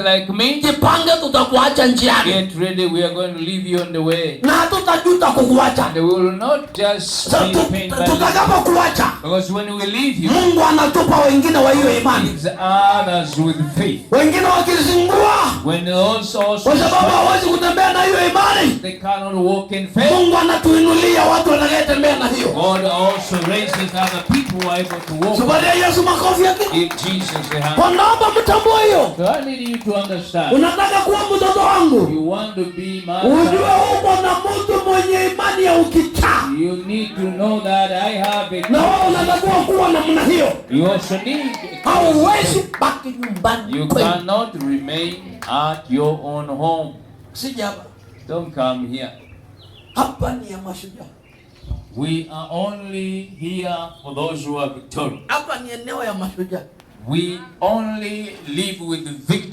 Like me. Jipange tutakuacha njiani. Get ready, we are going to leave you on the way. Na hatutajuta kukuacha. And we will not just so, tutakapo kuacha. Because when we leave you, Mungu anatupa wengine wa hiyo imani. Others with faith. Wengine wakizingatia kwa sababu hawezi kutembea na hiyo imani. Mungu anatuinulia watu wanayetembea na hiyo. Tupatie Yesu makofi yake. Wanaomba mtambue hiyo. Unataka kuwa mtoto wangu, ujue uko na mtu mwenye imani ya ukiti Naona unatakiwa kuwa namna hiyo. Hauwezi baki nyumbani. You cannot remain at your own home. Sija hapa. Don't come here. Hapa ni ya mashujaa. We are only here for those who are victorious. Hapa ni eneo ya mashujaa. We only live with the victor.